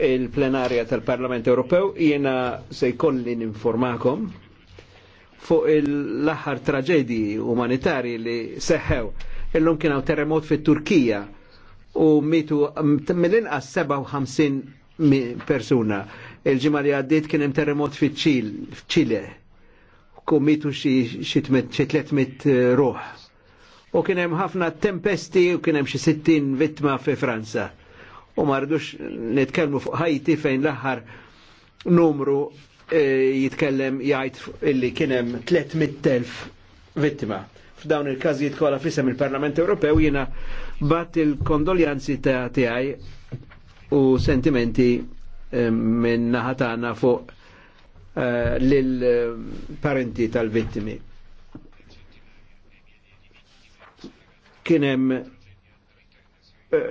il-plenarja tal-Parlament Ewropew jiena se jkolli ninformakom fuq l-aħħar traġedji umanitarji li seħħew. Illum kien terremot fit-Turkija u mitu mill-inqas 57 persuna. Il-ġimgħa li għaddiet kien hemm terremot fiċ-Ċile. Ku mitu xi 300 eh, ruħ. U kien hemm ħafna tempesti u kien hemm xi 60 vittma fi Franza u marridux nitkellmu fuq Ħajti fejn l-aħħar numru eh, jitkellem jgħid illi kien hemm 300,000 vittima. F'dawn il-każijiet kollha fisem il-Parlament Ewropew jiena bat il-kondoljanzi ta' tiegħi u sentimenti eh, minn naħatana fuq lill eh, lil-parenti tal-vittimi. Kienem uh,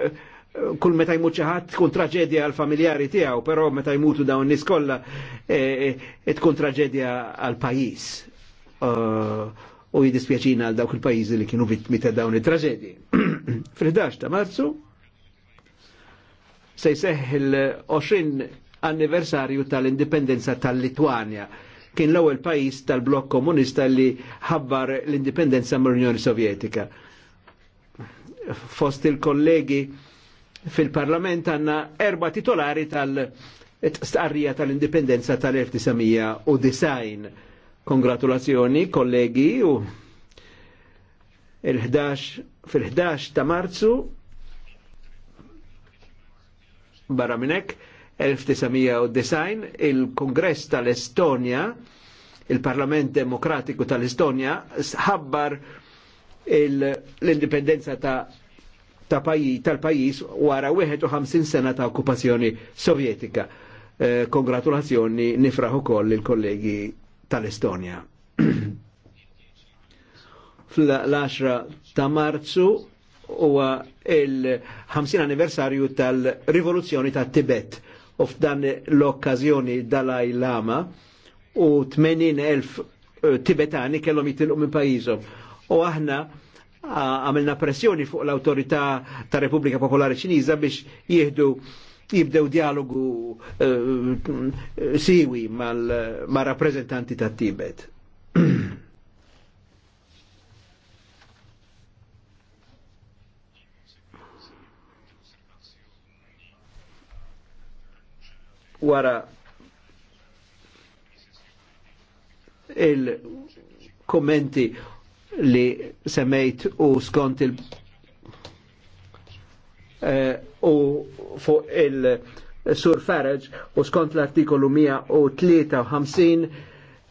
kull meta jmut xi ħadd tkun traġedja għal familjari tiegħu, però meta jmutu dawn nies kollha e, e, e tkun traġedja għal pajjiż. Uh, u jidispjaċina għal dawk il-pajjiżi li kienu vittmi ta' dawn it-traġedji. Fil-11 ta' Marzu se jseħħ il-20 anniversarju tal-indipendenza tal-Litwanja. Kien l-ewwel pajjiż tal-blokk komunista li ħabbar l-indipendenza mill-Unjoni Sovjetika. Fost il-kollegi fil-Parlament għanna erba titolari tal istqarrija tal-indipendenza tal-1990. Kongratulazzjoni, kollegi, u fil-11 ta' marzu barra minnek 1990 il-Kongress tal-Estonja il-Parlament Demokratiku tal-Estonja sħabbar l-indipendenza ta' ta' pajji tal-pajjiż wara 51 sena ta' okkupazzjoni sovjetika. Eh, kongratulazzjoni nifraħ ukoll il-kollegi tal-Estonja. Fl-10 ta' Marzu huwa il-50 anniversarju tal-rivoluzzjoni ta' Tibet u f'dan l okkażjoni Dalai Lama u 80.000 eh, Tibetani kellhom jitilqu minn pajjiżhom. U aħna Ah, għamilna pressjoni fuq l-autorità ta' Repubblika Popolari Ċiniża biex jihdu jibdew dialogu eh, siwi ma' rappresentanti ta' Tibet. Wara il-kommenti li semmejt u skont il- eh, u fuq il-Sur Farage u skont l-artikolu 153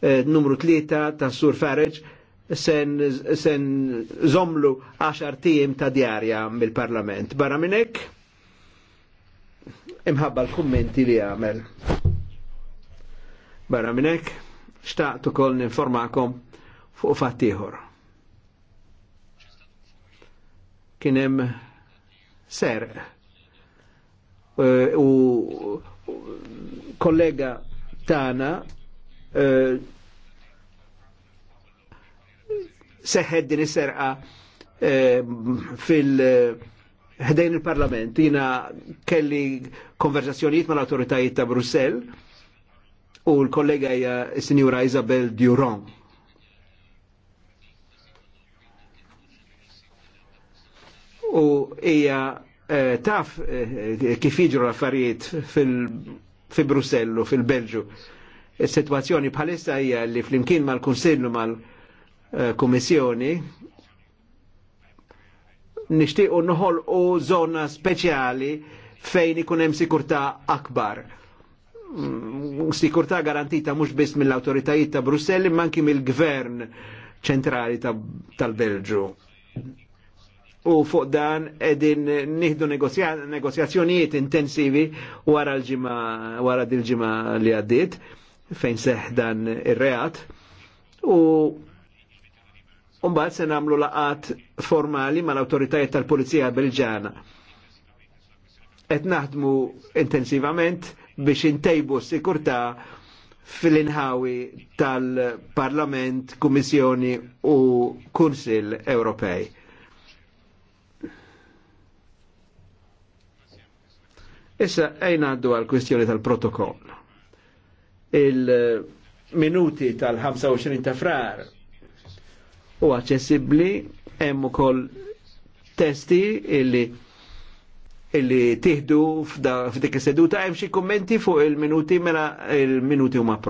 eh, numru 3 ta' Sur Farage sen, sen zomlu 10 tim ta' djarja mill-parlament. Barra minnek, imħabba l-kommenti li għamel. Barra minnek, xtaqtu kol ninformakom fuq fattiħor. kien hemm serq. Eh, u kollega tana eh, seħed din is-serqa eh, fil- ħdejn il-Parlament, jina kelli konversazzjonijiet ma' l-autoritajiet ta' Brussel u l-kollega hija Sinjura Isabel Durand. u hija eh, taf eh, kif jiġru l-affarijiet fi Brussellu, fil-Belġu. Is-sitwazzjoni bħalissa hija li flimkien mal-Kunsillu mal-Kummissjoni nixtiequ noħolqu zona speċjali fejn ikun hemm sikurtà akbar. Mm, sikurtà garantita mhux biss mill-awtoritajiet ta' Brusselli manki anki mill-gvern ċentrali tal-Belġu u fuq dan edin nieħdu negozjazzjonijiet intensivi wara l-ġimgħa wara dil-ġimgħa li għaddiet fejn seħ dan ir-reat u mbagħad se nagħmlu laqat formali mal-awtoritajiet tal-Pulizija Belġana. Qed naħdmu intensivament biex intejbu s-sikurtà fil-inħawi tal-Parlament, Kummissjoni u Kunsil Ewropej Issa ejna għaddu għal kwestjoni tal-protokoll. Il-minuti tal-25 ta' frar u aċċessibbli hemm ukoll testi illi illi tiħdu f'dik seduta hemm xi kummenti fuq il-minuti mela il-minuti huma pro.